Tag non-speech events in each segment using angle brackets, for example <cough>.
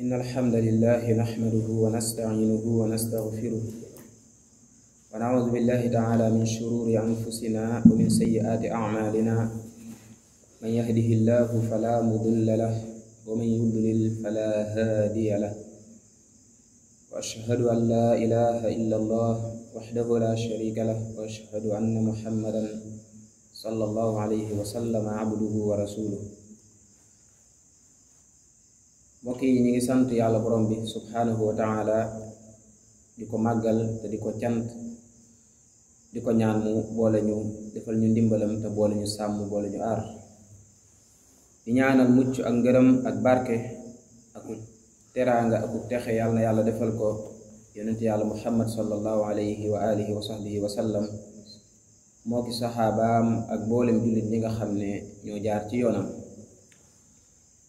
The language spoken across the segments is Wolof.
إن الحمد لله نحمده ونستعينه ونستغفره ونعوذ بالله تعالى من شرور أنفسنا ومن سيئات أعمالنا من يهده الله فلا مضل له ومن يضلل فلا هادي له وأشهد أن لا إله إلا الله وحده لا شريك له وأشهد أن محمدا صلى الله عليه وسلم عبده ورسوله moki yi ñu ngi sant yalla borom bi subhanahu wa taala di ko te di ko diko di ko ñaan mu boole ñu defal ñu ndimbalam te boole ñu sàmm boole ñu aar di ñaanal mucc ak ngërëm ak barke ak teranga ak texe yalla yalla defal ko yonent yalla muhammad sallallahu alayhi wa alihi wa sahbihi wa sallam moki sahabaam saxaabaam ak mboolem jullit ñi nga xam ne ñoo jaar ci yoonam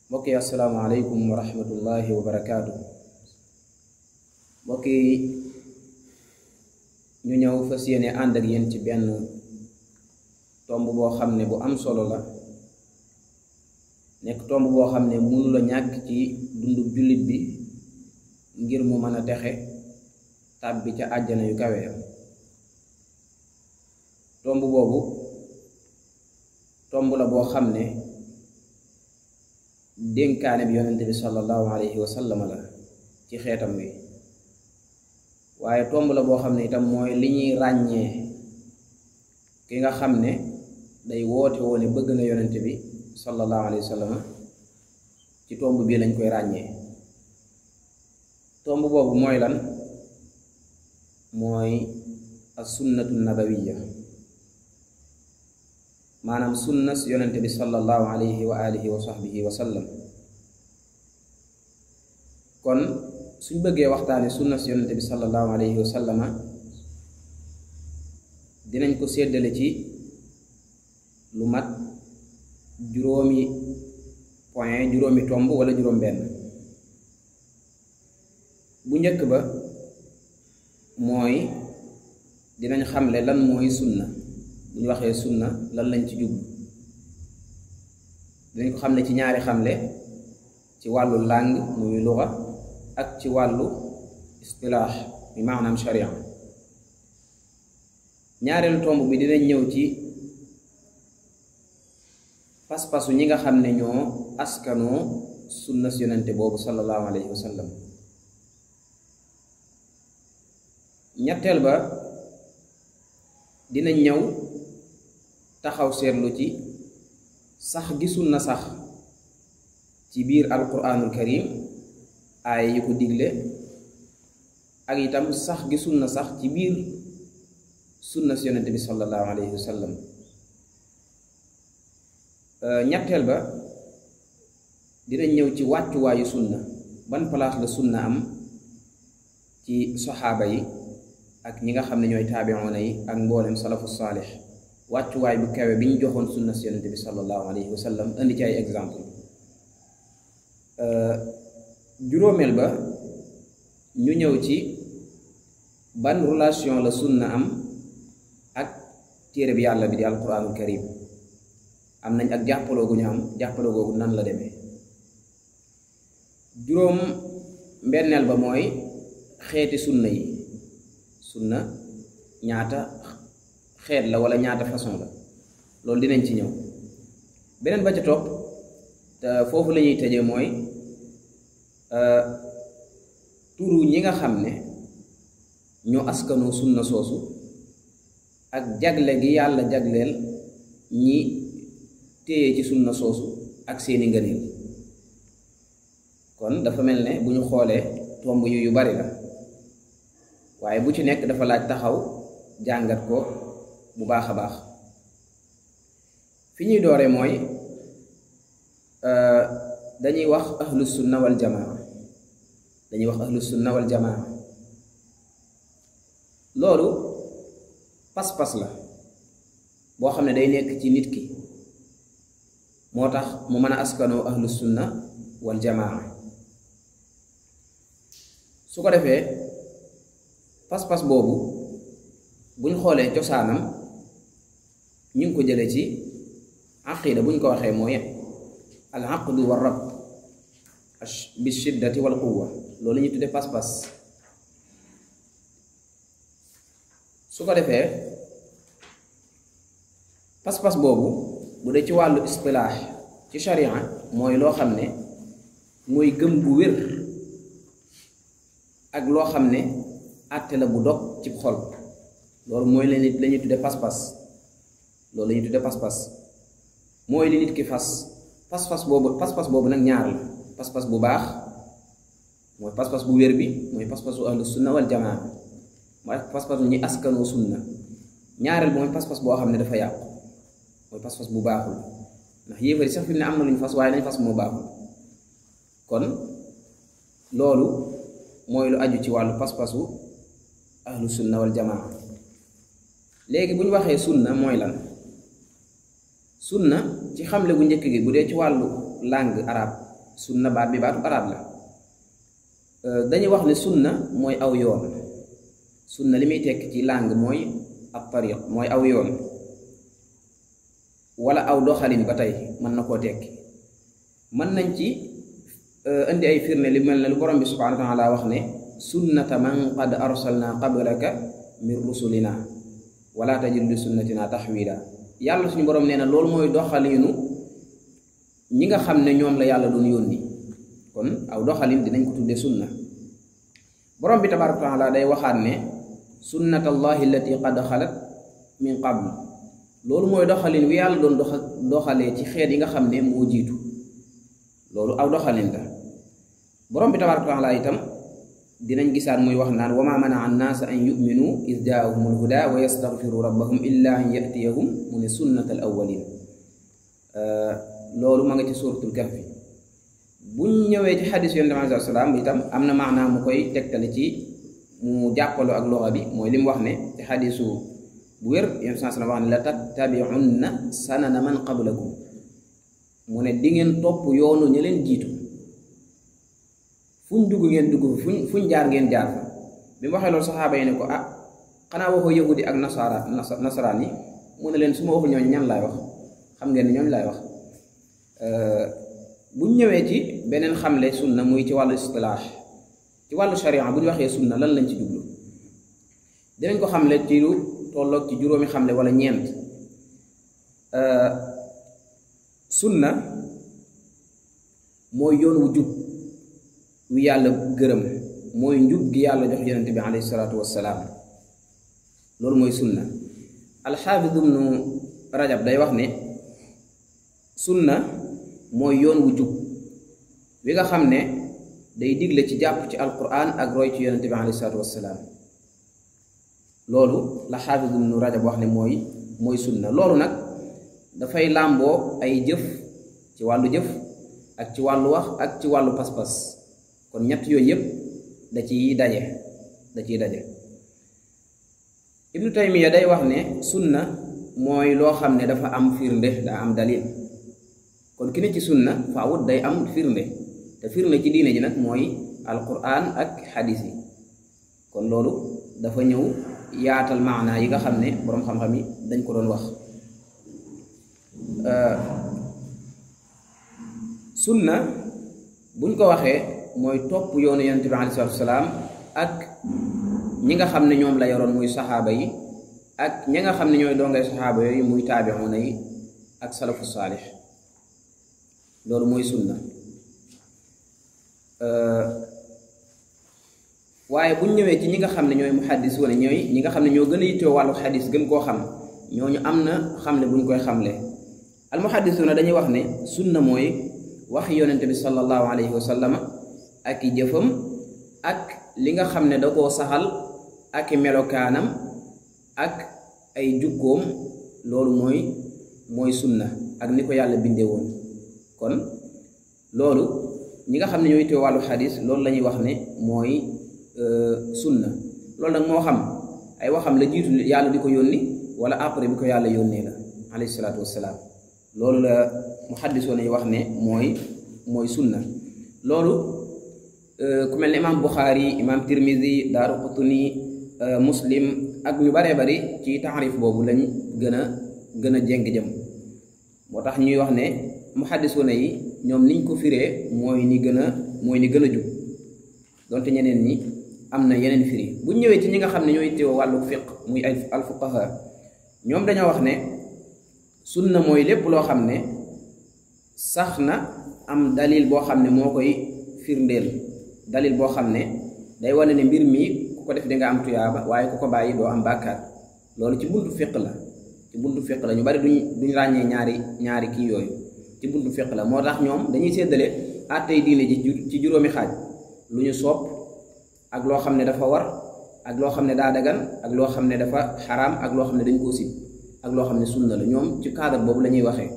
mbokk yi asalaamaaleykum wa rahmatullahi wa barakaatu mbokk yi ñu ñëw fas yéene ànd ak yéen ci benn tomb boo xam ne bu am solo la nekk tomb boo xam ne mënu la ñàkk ci dundu jullit bi ngir mu mën a texe bi ca àjjana yu kawe ya. tomb boobu tomb la boo xam dénkaane bi yonente bi sallallahu alayhi wa la ci xeetam wi waaye tomb la boo xam ne itam mooy li ñuy ràññee ki nga xam ne day woote woone bëgg na yonente bi sallallahu alayhi wa ci tomb bii lañ koy ràññee tomb boobu mooy lan mooy as sunnatu nabawiya manam sunna si yonente bi sallallahu alayhi wa alihi wa sahbihi wa sallam kon suñ bëgge waxtane sunna si yonente bi sallallahu alayhi wa sallam dinañ ko séddale ci lu mat juróomi point juróomi tombe wala juróom ben bu ñëk ba moy dinañ xamle lan moy sunna bu ñu waxee sunna lan lañ ci jublu dañ ko xam ne ci ñaari xamle ci wàllu langue muy luga ak ci wàllu istilaax mi maanaam sharia ñaareelu tomb bi dinañ ñëw ci pas ñi nga xam ne ñoo askanoo sunna si yonente boobu sallallahu alayhi wa ñetteel ba dinañ ñëw taxaw seetlu ci sax gisul na sax ci biir alquranul karim aaya yi ko digle ak itam sax gisul na sax ci biir sunna si yonente bi sallallahu alayhi wa sallam euh, ñetteel ba dinañ ñëw ci wàccuwaayu sunna ban place la sunna am ci saxaaba yi ak ñi nga xam ne ñooy taabiona yi ak mboolem salafu saalix wàccuwaay bu kawe bi ñu joxoon sunna si yonente bi sallallahu alayhi wa sallam indi ci ay exemple euh, juróomeel ba ñu ñëw ci ban relation la sunna am ak téere bi yàlla bi di alquranul karim am nañ ak jàppaloo gu am jàppaloo googu nan la demee juróom mbenneel ba mooy xeeti sunna yi sunna ñaata xeet la wala ñaata façon la loolu dinañ ci ñëw beneen ba ca topp te foofu lañuy ñuy tëjee mooy euh, turu ñi nga xam ne ñu askanoo sunna soosu ak jagle gi yàlla jagleel ñi téye ci sunna soosu ak seeni ngëneel kon dafa mel ne bu ñu xoolee tomb yu yu bari la waaye bu ci nekk dafa laaj taxaw jàngat ko bu baax a baax fi ñuy dooree mooy euh, dañuy wax ahlu sunna wal jamaa dañuy wax ahlu sunna wal jamaa loolu pas-pas la boo xam ne day nekk ci nit ki moo tax mu mën a askanoo ahlu sunna wal jamaa su ko defee pas-pas boobu buñ xoolee cosaanam ñu ngi ko jëlee ci aqida bu ñu ko waxee mooy al aqdu wa rab bi shiddati wal quwa loolu ñu tudde pas-pas su ko defee pas-pas boobu bu dee ci wàllu istilaax ci sharia mooy loo xam ne mooy gëm bu wér ak loo xam ne àtte la bu dog ci xol loolu mooy la ñuy la ñuy tuddee pas loolu ñu tudde pas-pas mooy li nit ki fas pas-pas boobu pas-pas boobu nag ñaar la pas-pas bu baax mooy pas-pas bu wér bi mooy pas-pasu ahlu sunna wal jamaa mooy pas-pas bu ñuy askanoo sunna ñaareel bi mooy pas-pas boo xam ne dafa yàqu mooy pas-pas bu baaxul ndax yéefari sax fi mu ne am na ñu fas waaye nañ fas moo baaxul kon loolu mooy lu aju ci wàllu pas-pasu ahlu sunna wal jamaa léegi buñ waxee sunna mooy lan sunna ci xamle bu njëkk gi bu dee ci wàllu langue arab sunna baat bi baatu arab la euh, dañuy wax ne sunna mooy aw yoon sunna li muy tekk ci langue mooy ab tariq mooy aw yoon walla aw doxalin ba tey mën na koo tekki mën nañ ci euh, indi ay firne li mel na lu borom bi subhanahu wa taala wax ne sunnata man qad arsalna qablaka min rusulina wala tajid li sunnatina tahwila yàlla suñu borom nee na loolu mooy doxaliinu ñi nga xam ne ñoom la yàlla doon yónni kon aw doxalin dinañ ko tudde sunna boroom bi tabaaraka wa day waxaat ne sunnatallahi allati qad xalat min qabl loolu mooy doxaliin wi yàlla doon doxa doxalee ci xeet yi nga xam ne moo jiitu loolu aw doxaliin la borom bi tabaaraka wa itam dinañ gisaat muy wax naan wama manaa annaasa an yuminu id jaahum alhuda wa yastaghfiru rabbahum illa an yatiyahum mu ne sunnat al awalin loolu ma nga ci suuratul kahfi buñ ñëwee ci xadis yonent bi am na maanaa mu koy tegtale ci mu jàppaloo ak loxa bi mooy li wax ne ci xadisu bu wér yonent bi salaam wax man qablakum mu ne di topp yoonu ñu leen jiitu fuñ dugg ngeen dugg fuñ fuñ jaar ngeen jaar fa bi waxee loolu saxaaba yi ne ko ah xanaa waxoo yahudi ak nasara nasaraan yi mu ne leen su ma waxul ñooñ ñan laay wax xam ngeen ne ñooñ laay wax euh, bu ñëwee ci beneen xamle sunna muy ci wàllu istilaax ci wàllu sharia bu ñu waxee sunna lan lañ ci jublu dinañ ko xamle ci lu tolloog ci juróomi xamle wala ñeent euh, sunna mooy yoon wu jub wi yàlla gërëm mooy njub gi yàlla jox yonente bi alayhi salaatu wassalaam loolu mooy sunna alxaafid ibnu rajab day wax ne sunna mooy yoon wu jub wi nga xam ne day digle ci jàpp ci alquran ak roy ci yonente bi alayhi salaatu wassalaam loolu la xaafid ibnu rajab wax ne mooy mooy sunna loolu nag dafay làmboo ay jëf ci wàllu jëf ak ci wàllu wax ak ci wàllu pas-pas kon ñett yooyu yëpp da ciy daje da ciy daje ibnu taymiya day wax ne sunna mooy loo xam ne dafa am firnde daa am dalil kon ki ne ci sunna faawut day am firnde te firnde ci diine ji nag mooy alquran ak xadis yi kon loolu dafa ñëw yaatal maanaa yi nga xam ne boroom xam-xam yi dañ ko doon wax euh, sunna buñ ko waxee mooy topp yoonu yonent bi alayhi salaatu ak ñi nga xam ne la yoroon muy saxaaba yi ak ñi nga xam ne ñooy doongay saxaaba yooyu muy taabiuuna yi ak salafu saalix loolu mooy sunna waaye bu ñu ñëwee ci ñi nga xam ne ñooy muhaddis wala ñooy ñi nga xam ne ñoo gën a yittewoo wàllu xadis gën koo xam ñooñu am na xamle bu ñu koy xamle almuhaddisuuna dañuy wax ne sunna mooy wax yonente bi sallallahu alayhi wa sallama ak i ak li nga xam ne da koo saxal ak melokaanam ak ay jukkoom loolu mooy mooy na ak ni ko yàlla bindee woon kon loolu ñi nga xam ne ñooy te wàllu xadis loolu la ñuy wax ne mooy euh, sun na loolu nag moo xam ay waxam la jiitu yàlla di ko yónni wala après bi ko yàlla yónnee la alayhi salaatu wassalaam loolu la muxaddisoon yi wax ne mooy mooy sunna loolu Euh, ku mel ne imaam Buxaari imaam Tirmizi Daaru Qutni euh, muslim ak ñu baree bari ci taarif boobu lañ gën a gën a jéng jëm moo tax ñuy wax ne mu na yi ñoom niñ ko firee mooy ni gën a mooy ni gën a jub donte ñeneen ñi am na yeneen firi buñ ñëwee ci ñi nga xam ne ñooy teew wàllu fiq muy ay alfuqaha ñoom dañoo wax ne sunna mooy lépp loo xam ne sax na am dalil boo xam ne moo koy firndeel dalil boo xam ne day wane ne mbir mi ku ko def di am tuyaaba waaye ku ko bàyyi doo am bàkkaar loolu ci buntu fiq la ci buntu fiq la ñu bari duñ ràññee ñaari ñaari kii yooyu ci buntu fiq la moo tax ñoom dañuy séddale àttey diine ji ci juróomi xaaj lu ñu sopp ak loo xam ne dafa war ak loo xam ne daa dagal ak loo xam ne dafa xaraam ak loo xam ne dañ ko sib ak loo xam ne sunna la ñoom ci cadre boobu la ñuy waxee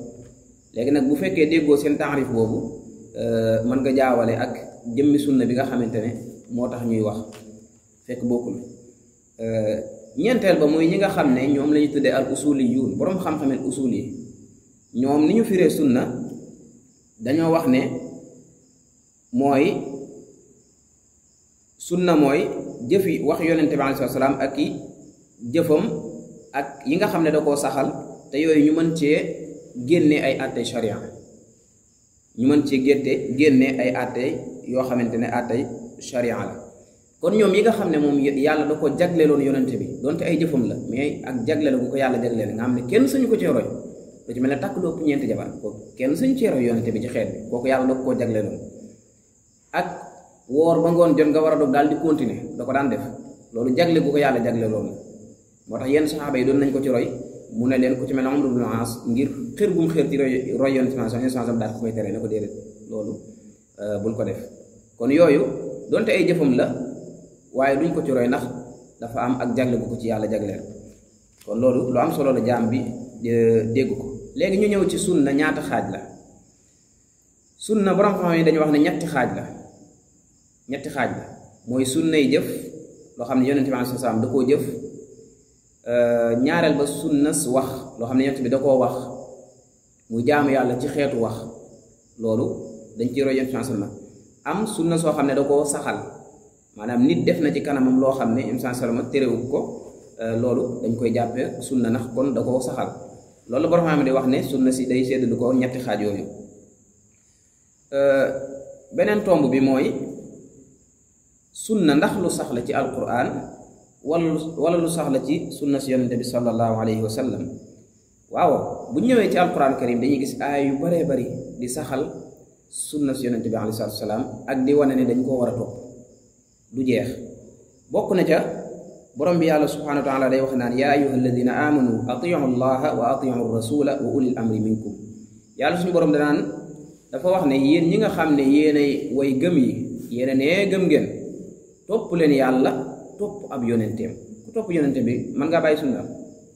léegi nag bu fekkee déggoo seen taarif boobu euh, mën nga jaawale ak jëmmi sunna bi nga xamante ne moo tax ñuy wax fekk bokkul euh, ñeenteel ba mooy yi nga xam ne ñoom la ñu tuddee al usuli yuun boroom xam-xame usul yi ñoom ni ñu firee sunna dañoo wax ne mooy sunna mooy jëfi wax yonente bi salaam ak i jëfam ak yi nga xam ne da koo saxal te yooyu ñu mën cee génne ay àtte sharia ñu mën cee gétte génne ay àtte yoo xamante ne àttay sharia la kon ñoom yi nga xam ne moom yàlla da ko jagleeloon yonente bi donte ay jëfam la mais ak jagleel bu ko yàlla jagleel nga xam ne kenn suñu ko cee roy lu mel ne takk lu ëpp ñeenti jabar kooku kenn suñu cee roy yonente bi ci xeet bi kooku yàlla da koo ak woor ba ngoon jot nga war a dog daal di continuer da ko daan def loolu jagle bu ko yàlla jagleeloon la moo tax yenn saxaaba yi doon nañ ko ci roy mu ne leen ku ci mel ne Amru ibn ngir xër gum xër ci roy roy yonente bi sallallahu alayhi wasallam daal ko koy tere ne ko déedéet loolu euh, bul ko def kon yooyu donte ay jëfam la waaye duñ ko ci roy ndax dafa am ak jagle bu ko ci yàlla jagleel kon loolu lu am solo la jaam bi dégg ko léegi ñu ñëw ci na ñaata xaaj la sunna borom xam yi dañu wax ne ñetti xaaj la ñetti xaaj la mooy sunnay jëf loo xam ne yonente bi alayhi salaam da koo jëf ñaareel ba sunnas wax loo xam ne yonente bi da koo wax mu jaamu yàlla ci xeetu wax loolu dañ ci roy yonente bi alayhi salaam am sunna so xamne da ko saxal manam nit def na ci kanamam loo xam ne imsan salama téréwu ko euh, lolu dañ koy jappé sunna nak kon da ko saxal lolu borom am di wax ne sunna si day séddal ko ñetti yoyu euh benen tomb bi moy sunna ndax lu sax la ci alquran wala wala lu sax la ci sunna si yonente sallallahu alayhi Wasallam. waaw bu ñëwé ci alquran karim dañuy gis ay yu bari di saxal sunna si yonent bi alayhi ak di wane ne dañ koo war a topp du jeex bokk na ca borom bi yàlla subhaanahu wa taala day wax naan yaa ayyuha alladina amanu atiu llaha wa atiu rasula wa ulil yàlla suñu borom danaan dafa wax ne yéen ñi nga xam ne yéenay way gëm yi yeneen nee gëm ngeen topp leen yàlla topp ab yonenteem ku topp yonente bi man ngaa bàyyi sunna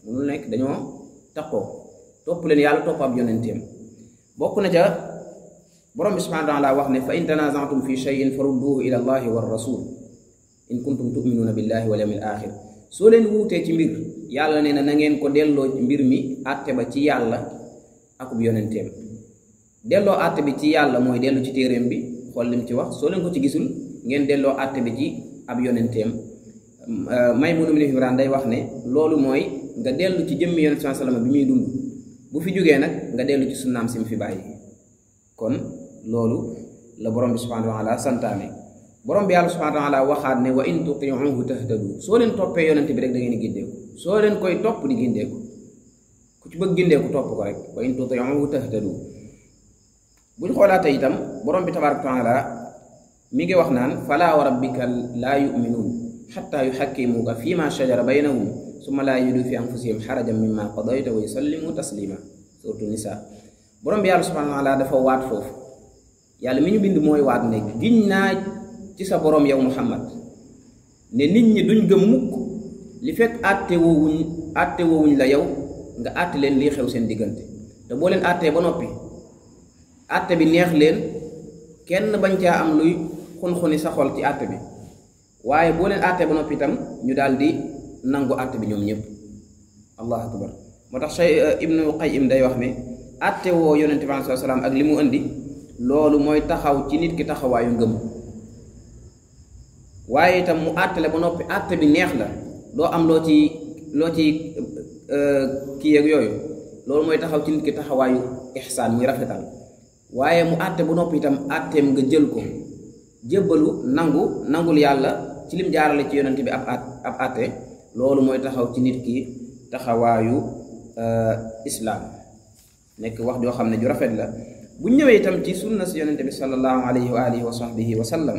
mënul nekk dañoo taxoo topp leen yàlla topp ab yonenteem bokk na ca borom bi subhanahu wa wax ne fa in tanazatum fi shay'in farudduhu ila allahi war rasul in kuntum tuminuuna billahi wal yawmil axir soo leen wuutee ci mbir yàlla nee na na ngeen ko delloo mbir mi àtte ba ci yàlla akub yonenteem delloo àtte bi ci yàlla mooy dellu ci téeréem bi xool lim ci wax soo leen ko ci gisul ngeen delloo àtte bi ci ab yonenteem Maymuna bint Imraan day wax ne loolu mooy nga dellu ci jëmm yonent sallallahu bi muy dund bu fi jógee nag nga dellu ci sunnaam si mu fi bàyyi loolu la borom bi subhanahu wa taala santaane borom bi yàlla subhanahu wa taala waxaat ne wa in tutiuhu tahtadu soo leen toppee yonent bi rek da ngeen di gindeeku soo leen koy topp di gindeeku ku ci bëgg gindeeku topp ko rek wa in tutiuhu tahtadu bu ñu xoolaatee itam borom bi tabaraka wa taala mi ngi wax naan fala wa rabbika laa yuminuun xatta yuxakkimuuka fi ma shajara baynahum summa laa yajidu fi anfusihim xarajan mimma qadayta wa yusallimu taslima suratu nisa borom bi yàlla subhanahu wa taala dafa waat foofu yàlla mi ñu bind mooy waat néeg giñ naa ci sa boroom yow muhammad ne nit ñi duñ gëm mukk li fekk àtte woowuñ àtte woowuñ la yow nga àtte leen lii xew seen diggante te boo leen àttee ba noppi àtte bi neex leen kenn bañ caa am luy xun-xuni sa xol ci àtte bi waaye boo leen àttee ba noppi itam ñu daal di nangu àtte bi ñoom ñëpp allahu akbar moo tax say ibnu qayyim day wax ne àtte woo yonente bi sallallahu alayhi ak li mu indi loolu mooy taxaw ci nit ki taxawaayu ngëm waaye itam mu at ba noppi àtte bi neex la doo am loo ci loo ci euh, kii ak yooyu loolu mooy taxaw ci nit ki taxawaayu ixsaan muy rafetal waaye mu àtte bu noppi itam àtteem nga jël ko jébbalu nangu nangul yàlla ci lim jaarale ci yonent bi ab at ab àtte loolu mooy taxaw ci nit ki taxawaayu euh, islam nekk wax joo xam ne ju rafet la bu ñëwee tam ci sunna si yonente bi salallahu alayhi wa alihi wa sahbihi wa sallam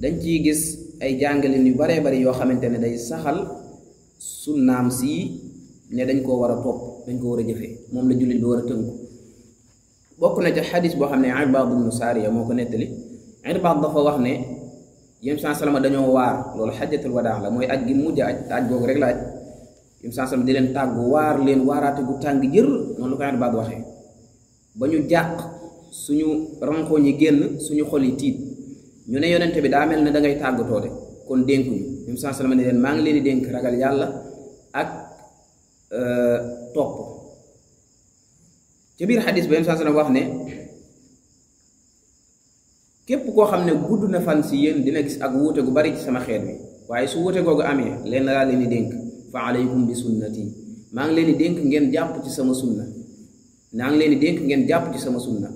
dañ ciy gis ay jàngalin yu bare bari yoo xamante ne day saxal sunnaam sii ne dañ koo war a topp dañ ko war a jëfee moom la jullit bi war a tënku bokk na ca xadis boo xam ne irbaad ibnu saariya moo ko nettali irbaad dafa wax yem saa salama dañoo waar loolu xajatul wadaa la mooy aj gi mujj aj aj googu rek yem salama di leen leen waaraate gu tàng jër noonu ko suñu ronko ñi genn suñu xol yi tiit ñu ne yonent bi da mel ne da ngay tàggatoo de kon denku ñu ñoom saa ne len ma ngi leen di ragal yalla ak euh, top ci bir hadith bi yonent sa salama wax ne kep ko xamne ne gudd na fan ci yeen dina gis ak wote gu bari ci sama xéet bi waye su wote gogu amé len la leen di fa alaykum bi sunnati ma ngi di ngeen japp ci sama sunna na ngi leen di dénk ngeen japp ci sama sunna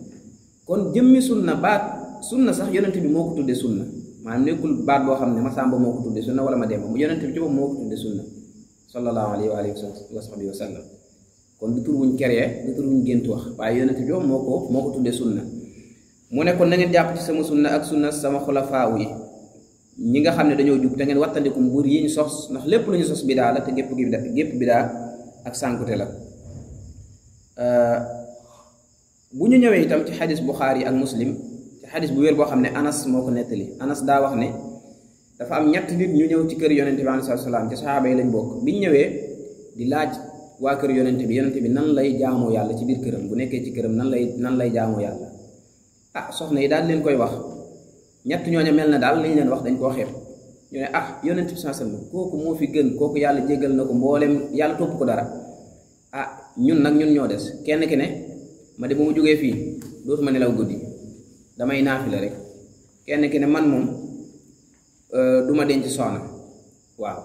kon jëmmi sunna baat sunna sax yonent bi moko tuddé sunna manam nekul baat bo xamné ma samba moko tuddé sunna wala ma dem yonent bi ci bopp moko tuddé sunna sallallahu alaihi wa alihi wa sahbihi wa sallam kon du tur wuñ keree du tur wuñ gént wax waaye yonent bi moko sunna mu ne kon na ngeen japp ci sama sunna ak sunna sama khulafa wi ñi nga xamné dañoo da ngeen watandiku mbuur yi ñu sos nak lepp lu ñu sos bidaa la te gep gi bidaa ak sànkute la euh, bu ñu ñëwee itam ci xadis buxaari ak muslim ci xadis bu wér boo xam ne anas moo ko nettali anas daa wax ne dafa am ñett nit ñu ñëw ci kër yonente bi alayhi salaam ci saxaaba yi lañ bokk ñëwee di laaj waa kër yonente bi yonente bi nan lay jaamoo yàlla ci biir këram bu nekkee ci këram nan lay nan lay jaamoo yàlla ah soxna yi daal leen koy wax ñett ñooñu mel na daal lañ leen wax dañ koo xeeb ñu ne ah yonent bi sallallahu alayhi wasallam kooku moo fi gën kooku yàlla jégal na ko mboolem yàlla topp ko dara ah ñun nag ñun ñoo des kenn ki ne ma de bu mu jógee fii dootuma nelaw guddi damay naafila rek kenn ki ne man moom euh, du ma denc soxna waaw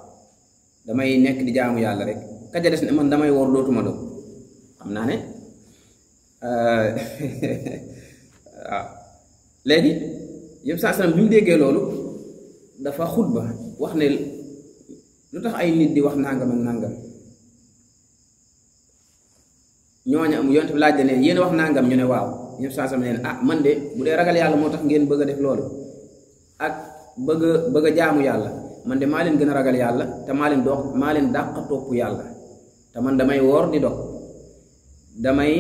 damay nekk di jaamu yàlla rek ka ca ne man damay woor lootuma doom xam naa ne euh, <laughs> waaw léegi yëpp saa salaam bi mu déggee loolu dafa xutba wax ne lu tax ay nit di wax nangam ak nangam. ñoña mu yonte bi laaj dene yeen wax nangam ñu ne waaw ñëpp sa sama neen ah man de bu de ragal yalla motax ngeen bëgg def loolu ak bëgg bëgg jaamu yalla man de ma leen gëna ragal yalla te ma leen dox ma leen dàq topp yalla te man damay wor di dox damay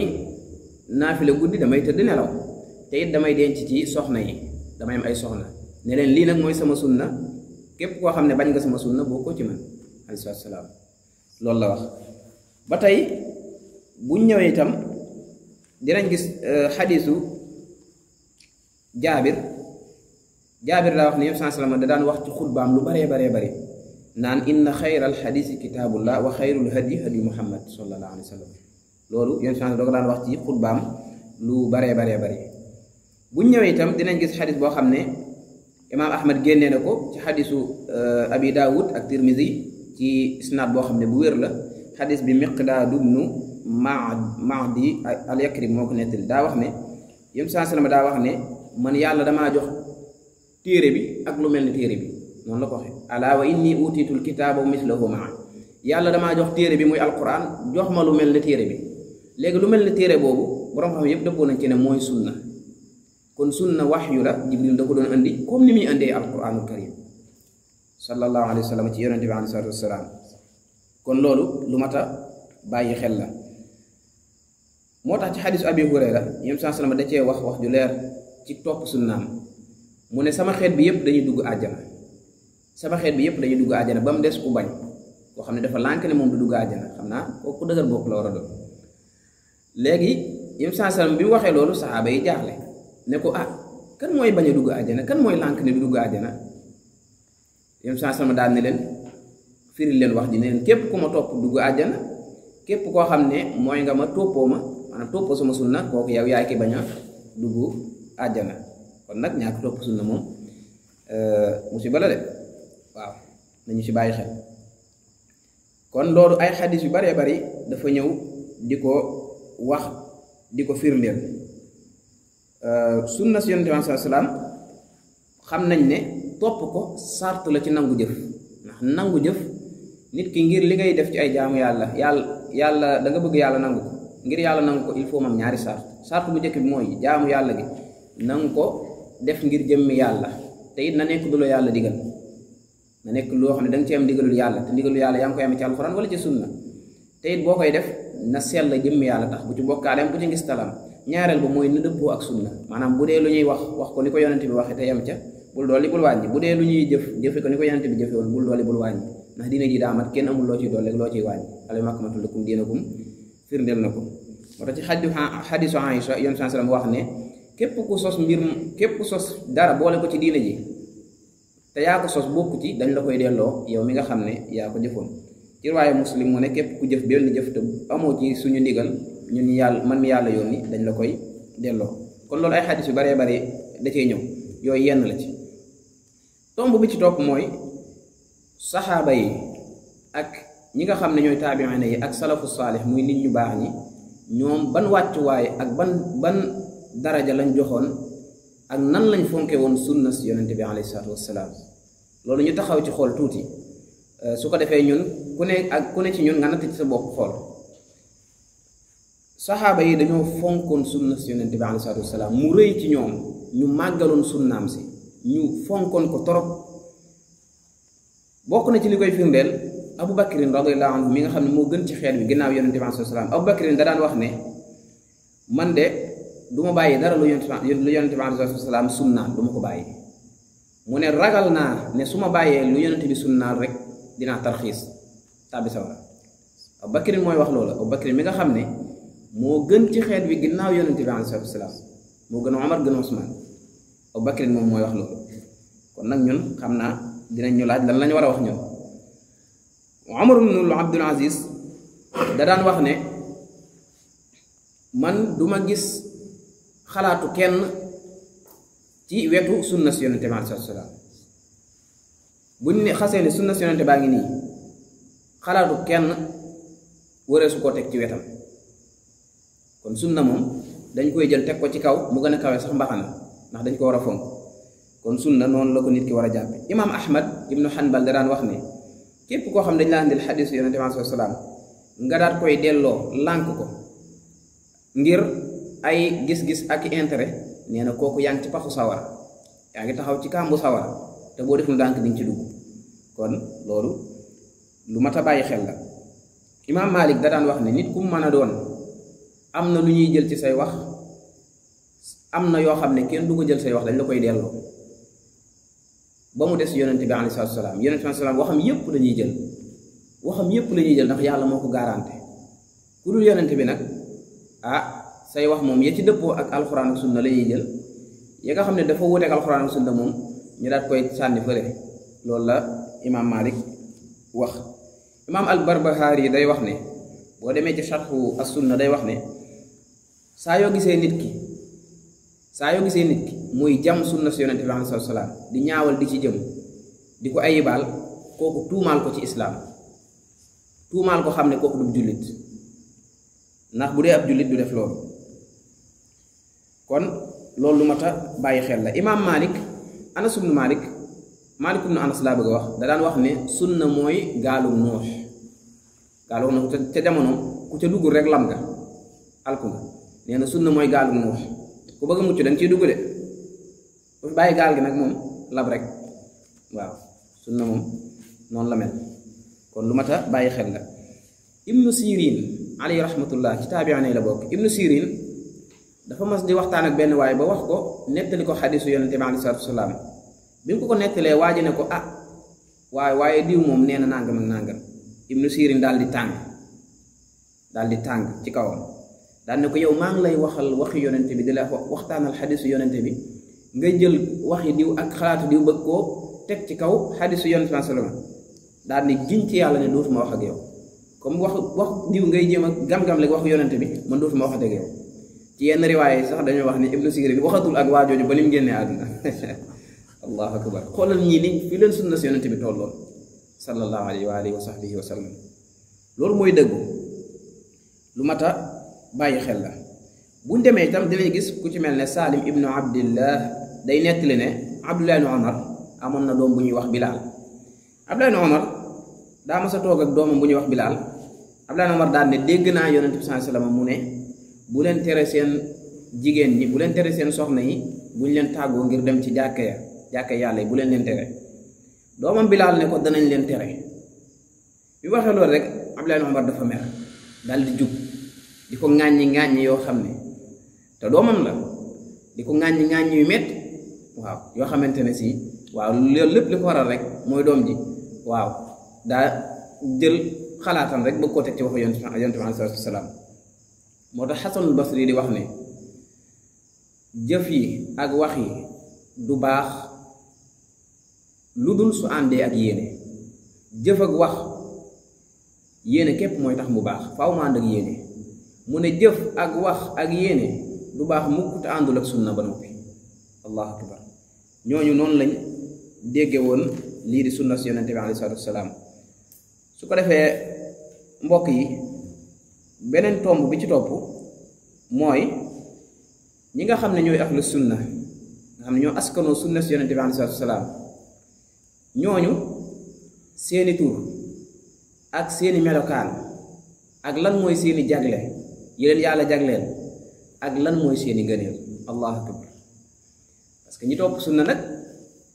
naafile guddi damay tedd nelaw te it damay denc ci soxna yi damay am ay soxna ne leen li nak moy sama sunna kep ko xamne bañ nga sama sunna boko ci man alayhi salaam loolu la wax batay buñ ñëwee itam dinañ gis xadiisu jaabir jaabir daa wax ne yëpp salama da daan wax ci xutbaam lu baree baree bari naan inna xayral xadiisi kitaabullah wa xayrul hadi hadi muhammad sallallahu alayhi wa sallam loolu yëpp da ko daan wax ci xutbaam lu baree baree bari buñ ñëwee itam dinañ gis xadiis boo xam ne imaam ahmad génnee na ko ci xadiisu abi daawud ak tirmisi ci isnaad boo xam ne bu wér la xadiis bi miqdaadu bnu معد معدي على يكرم ممكن يتل دا وحنا يوم سان سلام دا وحنا من يالله دا ما جو أكلو من تيري بي نون على وإني أوتي تل كتاب ومثله معه يالله دا ما جو مي القرآن جو حملو من تيري بي لقلو من تيري بوبو برام هم يبدو بونا كنا موي سنة كن سنة وحي لا جبريل دا كلون عندي كم نمي عندي القرآن الكريم صلى الله عليه وسلم تيرن تبعان سر السلام كن لولو لمتا باي خلا motax ci hadith abi hurayra yem saa salama da ci wax wax ju leer ci top sunnaam mu ne sama xet bi yep dañuy dugg aljana sama xet bi yep dañuy dugg aljana bam dess ku bañ ko xamne dafa lànk ne mom du dugg aljana xamna ko ku deugal bopp la wara a legi léegi yem bi waxe lolu sahaba yi jaxle ne ko ah kan moy bañ dugg aljana kan moy lànk ne du dugg aljana yem saa salama daal ne len firil len wax di ne len kep kuma top dugg aljana kep ko xamne moy nga ma topoma to topp sama sunna ko yow yaay ke bañ a dugg kon nak nag to topp sunna euh musiba la de waaw nañu ci baye xel kon lolu ay hadith yu bari ya, bari dafa ñew di ko wax di ko euh sunna sunna yonente bi salaam xam nañ ne top ko sart la ci nangu jëf ndax nangu jëf nit ki ngir li ngay def ci ay jaamu yalla yalla yalla da nga bëgg yalla nangu ko ngir yàlla nang ko il faut mam ñaari sart sart mu njëkk bi mooy jaamu yàlla gi nang ko def ngir jëmmi yàlla te it na nekk du la yàlla digal na nekk loo xam ne da ci am digalul yàlla te digalul yàlla yaa ngi koy amee ci alquran wala ci sunna te it boo koy def na sell jëmmi yàlla tax bu ci bokkaaleem bu ci ngis talam ñaareel ba mooy na dëppoo ak sunna maanaam bu dee lu ñuy wax wax ko ni ko yonente bi waxee te yem ca bul dolli bul wàññi bu dee lu ñuy jëf jëfe ko ni ko yonente bi jëfe woon bul dolli bul wàññi ndax diina ji daa kenn amul loo ciy dolli loo ciy wàññi alay lakum firndeel na ko moo tax ci xadisu Aïcha yon saa salaam wax ne képp ku sos mbir képp sos dara boole ko ci diine ji te yaa ko sos bokku ci dañ la koy delloo yow mi nga xam ne yaa ko jëfoon ci waaye muslim mu ne képp ku jëf benn jëf te amoo ci suñu ndigal ñun yàlla man mi yàlla yónni dañ la koy delloo kon loolu ay xadis yu baree bare da cee ñëw yooyu yenn la ci tomb bi ci topp mooy saxaaba yi ak ñi nga xam ne ñooy taabiina yi ak salafu saalix muy nit ñu baax ñi ñoom ban wàccuwaay ak ban ban daraja lañ joxoon ak nan lañ fonke woon sunna si yonente bi alayhi salaatu wassalaam ñu taxaw ci xool tuuti euh, su ko defee ñun ku ak ku ne ci ñun ci sa bopp xool saxaaba yi dañoo fonkoon sunna si yonente bi alayhi salaatu mu rëy ci ñoom ñu màggaloon sunnaam si ñu fonkoon ko torop bokk na ci li koy firndeel Aboubacrine radiyallahu anhu mi nga xam ne moo gën ci xeet bi ginnaaw yonent bi alayhi salaam Aboubacrine da daan wax ne de du bàyyi dara lu yonent lu yonent bi alayhi salaam sunnaal du ma ko bàyyi ne ragal naa ne su ma bàyyee lu yonent bi sunnaal rek dinaa tarxiis tàbbi sawara Aboubacrine mooy wax loola Aboubacrine mi nga xam ne moo gën ci xeet bi ginnaaw yonent bi alayhi salaam moo gën a Omar gën a Usmaan moom mooy wax loolu kon nag ñun xam naa dinañ ñu laaj lan lañu war a wax ñun Omar ibnul Abdul Aziz da daan wax ne man duma gis xalaatu kenn ci wetu sunna si yonente bi alayhi salaam xasee ne sunna si baa ngi nii xalaatu kenn wëree su ko teg ci wetam kon sunna moom dañ koy jël teg ko ci kaw mu gën a kawe sax mbaxana ndax dañ ko war a fonk kon sunna noonu la ko nit ki war a jàppe imaam ahmad ibnu hanbal da daan wax ne képp koo xam dañ la andil xadisu yonente bi alei salaam nga daat koy delloo lànk ko ngir ay gis-gis ak intérêt nee na kooku yaa ngi ci paxu sawara yaa ngi taxaw ci kàmbu sawara te boo deful di ci dugg kon loolu lu mata a bàyyi xel la imam malik da daan wax ne nit kum mën a doon am na lu ñuy jël ci say wax am na yoo xam du ko jël say wax dañ la koy delloo ba mu des yonente bi alayhi salaatu salaam yonente bi alayhi salaam waxam yépp la jël waxam yépp lañuy ñuy jël ndax yàlla moo ko garanté ku dul yonente bi nag ah say wax moom ya ci dëppoo ak alxuraan sunna lañuy jël ya nga xam ne dafa wuuteeg alxuraan ak sunna moom ñu daat koy sànni fële loolu la imaam Malik wax imaam al yi day wax ne boo demee ci sarxu as sunna day wax ne saa yoo gisee nit ki saa yoo gisee nit ki muy jam sunna si yonente bi alayhi salaam di ñaawal di ci jëm di ko ayibaal kooku tuumaal ko ci islaam tuumaal ko xam ne kooku du jullit ndax bu dee ab jullit du def loolu kon loolu lu mat a bàyyi xel la imaam Malik Anas ibnu Malik Malik ibnu Anas laa bëgg a wax da daan wax ne sunna mooy gaalu noox gaalu noox ca jamono ku ca dugg rek lam nga alku nga nee na sunna mooy gaalu noox ku bëgg a mucc da nga ciy dugg de bàyyi gaal gi nag moom lab rek waaw sunna moom noonu la mel kon lu mat bàyyi xel la ibnu sirin alayhi rahmatullah ci taabiane la bokk na sirin dafa mas di waxtaan ak benn waay ba wax ko nettali ko xadisu yonente bi alayhi salatu wasalaam bi mu ko ko nettalee waa ne ko ah waaye waaye diw moom nee na nàngam ak nàngam ibnu sirin daal di tàng daal di tàng ci kawam daal ne ko yow maa ngi lay waxal waxi yonente bi di la waxtaanal xadisu yonente bi ngay jël waxi diw ak xalaatu diw bëgg koo teg ci kaw xadisu yonent bi sallam daal ni giñ ci yàlla ne ma wax ak yow comme wax wax diw ngay jéem a gam-gam lek wax yonent bi man ma wax ak yow ci yenn riwaaye sax dañoo wax ni ibnu sirin waxatul ak waa jooju ba lim génnee àdduna <laughs> allahu akbar xoolal ñii ni fi leen sunna si yonent bi tolloon sallallahu alayhi wa alihi wa sahbihi wa loolu mooy dëggu lu mat a bàyyi xel la buñ demee itam dinañ gis ku ci mel ne Salim ibnu abdillah day nettali ne Abdullah ibn Omar amoon na doom bu ñuy wax Bilaal Abdullah ibn Omar daa mas toog ak doomam bu ñuy wax Bilaal Abdullah ibn Omar daal ne dégg naa yonent bi sallallahu alayhi wasallam mu ne bu leen tere seen jigéen ñi bu leen tere seen soxna yi buñ leen tàggoo ngir dem ci jàkka ya jàkka yàlla yi bu leen leen tere doomam Bilaal ne ko danañ leen tere bi waxee loolu rek Abdullah ibn Omar dafa mer daal di jug di ko ŋàññi ŋàññi yoo xam ne te doomam waaw yoo xamante ne si waaw loolu lépp li ko waral rek mooy doom ji waaw daa jël xalaatam rek bëgg koo teg ci waxu yonent bi yonent bi alayhi salaatu wasalaam moo tax xasanul basri di wax ne jëf yi ak wax yi du baax lu dul su àndee ak yéene jëf ak wax yéene képp mooy tax mu baax faaw mu ànd ak yéene mu ne jëf ak wax ak yéene du baax mukk te àndul ak sunna ba noppi allahu akbar ñooñu noonu lañ dégge woon lii di sunna si yonente bi alayhi salatu su ko defee mbokk yi beneen tomb bi ci topp mooy ñi nga xam ne ñooy ahlu sunna nga xam ne ñoo askanoo sunna si yonente bi alayhi salatu wasalaam ñooñu seeni tur ak seeni melokaan ak lan mooy seeni jagle yeleen yàlla ak lan mooy seeni ngëneel allahu akbar parce que ñi topp sunna nag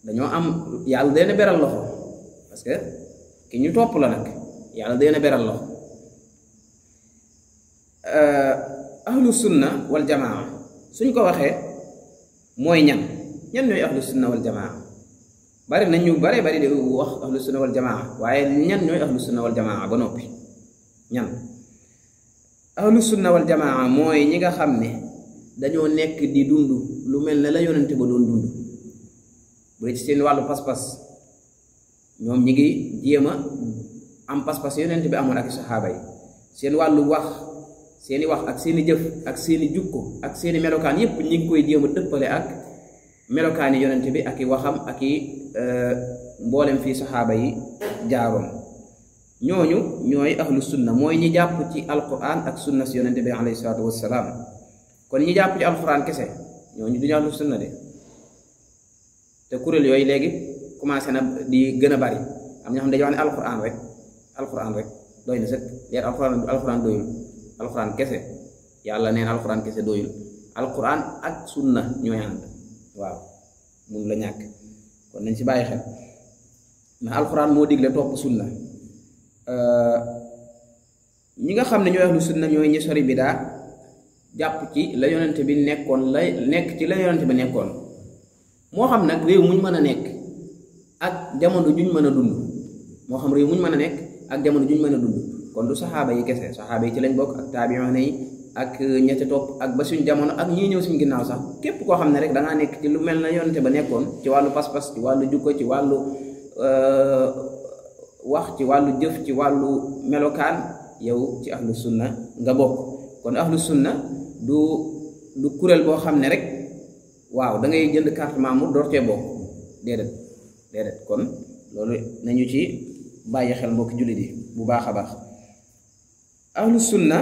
dañoo am yàlla dana beral loxo parce que ki ñu topp la nag yàlla dana beral loxo euh, ahlu sunna wal jamaa suñ ko waxee mooy ñan ñan ñooy ahlu sunna wal jamaa bari nañ ñu bare bari di wax ahlu sunna wal jamaa waaye ñan ñooy ahlu sunna wal jamaa ba noppi ñan ahlu sunna wal jamaa mooy ñi nga xam ne dañoo nekk di dund lu mel ne la yonente ba doon dund bu ci seen walu pas-pas ñoom ñi ngi jéem am pas pass yonente bi amul ak sahaba yi seen walu wax seen wax ak seen jëf ak seen jukko ak seen melokan yépp ñi ngi koy jéem a ak melokan yonente bi ak waxam ak i euh, mboolem fi yi jaaroon ñoñu ñoy ahlu sunna moy ñi japp ci alquran ak sunna si yonente bi alayhi salatu wassalam kon ñi jàpp ci alxuraan kese ñooñu du ñu ahlu na de te kuréel yooyu léegi commencé na di gën a bari am ñoo xam dañuy wax ne alxuraan rek alxuraan rek doy kese yàlla neen alxuraan kese doyul alxuraan ak sunna ñooy ànd waaw mun la ñàkk kon nañ ci bàyyi xel ndax alxuraan moo digle topp sunna ñi nga xam ne ñoo ñooy ahlu sunna ñooy ñi sori bidaa japp ci la yonent bi nekkon la nekk ci la yonent bi nekkon mo xam nak rew muñ mëna nek nekk ak jamono juñ mëna dund mo xam rew muñ mëna nek nekk ak jamono juñ mëna dund kon du sahaba yi kesse sahaba yi ci lañ bok ak tabi'una yi ak ñetti top ak ba suñ jamono ak ñi ñew suñ ginnaw sax kep ko xamne rek da nga nekk ci lu mel na yonent ba nekkon ci walu pas-pas ci walu jukko ci euh wax ci walu jëf ci walu melokan yow ci ahlu sunna nga bok kon ahlu sunna du du kuréel boo xam ne rek waaw da ngay jënd carte membre door cee bokk déedéet déedéet kon loolu nañu ci bàyyi xel mbokki jullit yi bu baax a baax ahlu sunna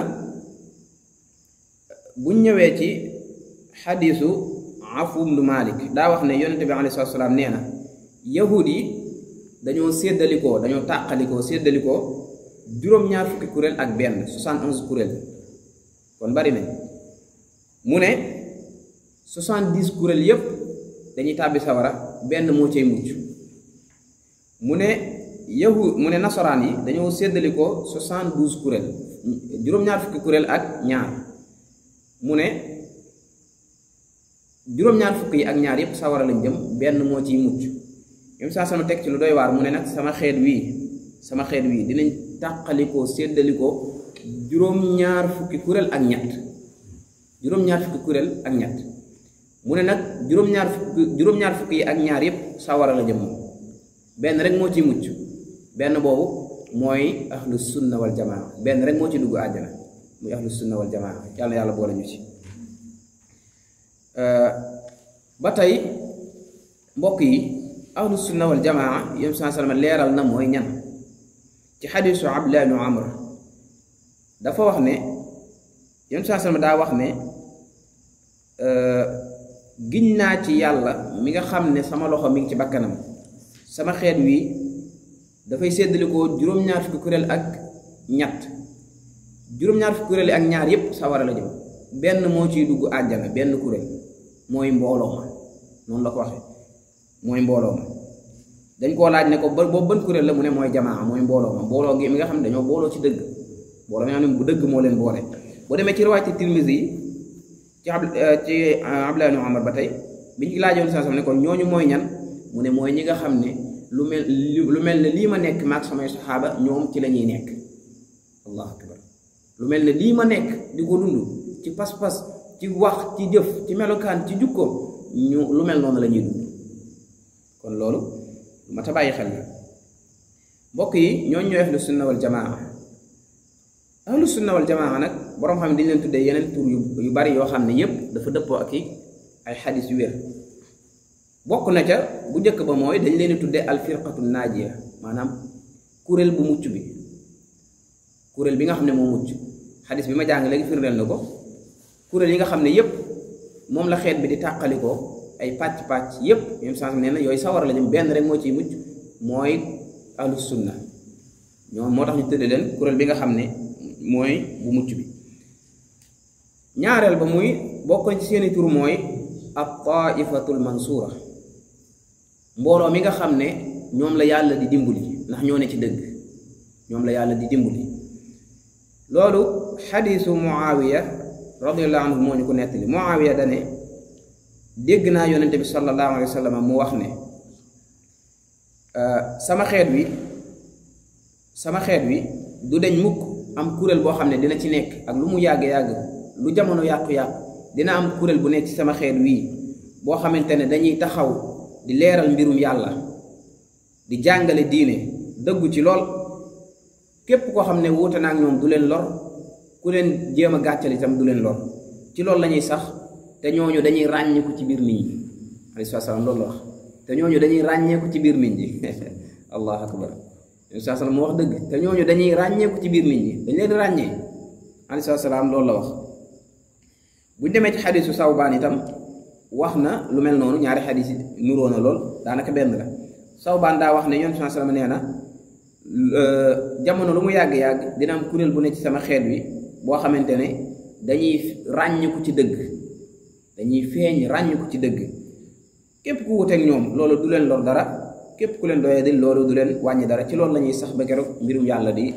buñ ñëwee ci xadiisu afu ibnu malik daa wax ne yonente bi alayhi salaatu salaam nee na yahud yi dañoo séddalikoo dañoo tàqalikoo séddalikoo juróom-ñaar fukki kuréel ak benn soixante onze kuréel kon bari nañ mu ne soixante-dix kuréel yépp dañuy tàbbi sawara benn moo cay mucc mu ne yahu mu ne nasaraan yi dañoo séddali ko soixante-douze kuréel juróom-ñaar fukki kuréel ak ñaar mu ne juróom-ñaar fukk yi ak ñaar yépp sawara lañ jëm benn moo ciy mucc yém saa sama teg ci lu doy waar mu ne nag sama xeet wii sama xeet wii dinañ tàqalikoo séddalikoo juróom-ñaar fukki kuréel ak ñett juróom-ñaar fukki kuréel ak ñett mu ne nag juróom-ñaar fukki yi ak ñaar yëpp sawara la jëm benn rek moo ci mucc benn boobu mooy ahlu sunna wal jamaa benn rek moo ci dugg àjjana muy ahlu sunna wal jamaa yàlla na yàlla boole ñu ci ba tey mbokk yi ahlu sunna wal jamaa yém saa salama leeral na mooy ñan ci xadisu abdullah ibnu amr dafa wax ne yém saa salama daa wax ne Euh, giñ naa ci yàlla mi nga xam ne sama loxo mi ngi ci bakkanam sama xeet wi dafay séddalikoo juróom-ñaar fukki kuréel ak ñett juróom-ñaar fukki kuréel yi ak ñaar yépp sawara la jëm benn moo ciy dugg àjjana benn kuréel mooy mbooloo ma noonu la ko waxee mooy mbooloo ma dañ koo laaj ne ko ba boobu ban kuréel la mu ne mooy jamaa mooy mbooloo ma mbooloo gi mi nga xam ne dañoo booloo ci dëgg mbooloo mi nga xam ne bu dëgg moo leen boole boo demee ci rawaati Tirmisi yi ci ab euh, ci euh, Abdullah ibn Umar ba tey bi ñu laajoon saa sam ne kon ñooñu mooy ñan mu ne mooy ñi nga xam ne lu mel lu mel na lii ma nekk maag samay saxaaba ñoom ci la nekk allahu mel ne lii ma nekk di ko dund ci pas-pas ci wax ci jëf ci melokaan ci jukko ñu lu mel noonu la dund kon loolu ma ta bàyyi xel la mbokk yi ñooñu ñooy ahlu sunna jamaa ahlu sunna wal jamaa nag boroom xam ne dañ leen tuddee yeneen tur yu bari yoo xam ne yépp dafa dëppoo ak i ay xadis yu wér bokk na ca bu njëkk ba mooy dañ leen tuddee al firqatu ya maanaam kuréel bu mucc bi kuréel bi nga xam ne moo mucc xadis bi ma jàng léegi firndeel na ko kuréel yi nga xam ne yépp moom la xeet bi di tàqalikoo ay pàcc-pàcc yépp même sens nee na yooyu sawara la ñu benn rek moo ciy mucc mooy ahlus sunna ñoom moo tax ñu tëdd leen kuréel bi nga xam ne mooy bu mucc bi ñaareel ba muy bokkoon ci seeni tur mooy ab taifatul mansura mbooloo mi nga xam ne ñoom la yàlla di dimbali ndax ñoo ne ci dëgg ñoom la yàlla di dimbali loolu xadiisu muawiya radiallahu anhu moo ñu ko nettali muawiya dane dégg naa yonente bi sallallahu alayhi wa sallam mu wax ne sama xeet wi sama xeet wi du deñ mukk am kuréel boo xam ne dina ci nekk ak lu mu yàgg-yàgg lu jamono yàqu-yàqu dina am kuréel bu nekk ci sama xeet wii boo xamante ne dañuy taxaw di leeral mbirum yàlla di jàngale diine dëggu ci lool képp koo xam ne wuute na ak ñoom du leen lor ku leen jéem a gàccal du leen lor ci loolu lañuy sax te ñooñu dañuy ràññeeku ci biir nit ñi alayhi wax te ñooñu dañuy ràññeeku ci biir nit ñi <laughs> akbar Yonent saa wax dëgg te ñooñu dañuy ràññeeku ci biir nit ñi dañ leen di ràññee alayhi loolu la wax bu demee ci xadiisu Sawbaan itam wax na lu mel noonu ñaari xadiis nuroo na lool daanaka benn la Sawbaan daa wax ne Yonent saa salaam nee na jamono lu mu yàgg-yàgg dina am kuréel bu ne ci sama xeet wi boo xamante ne dañuy ràññeeku ci dëgg dañuy feeñ ràññeeku ci dëgg képp ku wuteeg ñoom loolu du leen lool dara. kep ku len doye di lolu du len wañi dara ci lolu lañuy sax ba kérok mbirum yalla di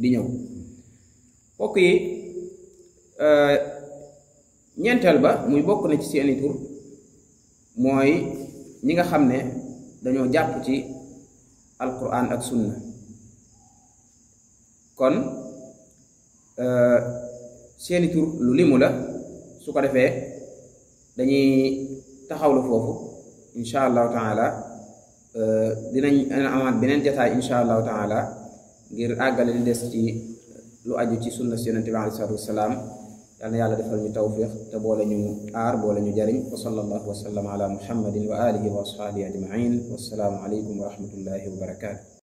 di ñew mbokk yi euh, ñentel ba muy bokk na ci seeni tour moy ñi nga xamne dañoo ci alquran ak sunna kon euh, seeni tour lu limu la su ko defé dañuy taxawlu fofu inshallah taala Euh, dinañ amaat beneen jataay insha allahu taala ngir àggale li des ci lu aju ci sunna si yonente bi alei salatu wasalaam yal na yàlla defal ñu tawfiq te boole ñu aar boole ñu jariñ wa sallallahu wa sallam ala muhammadin wa alihi wa ashaabihi ajmain wassalaamu aleykum wa rahmatullahi wa barakaatu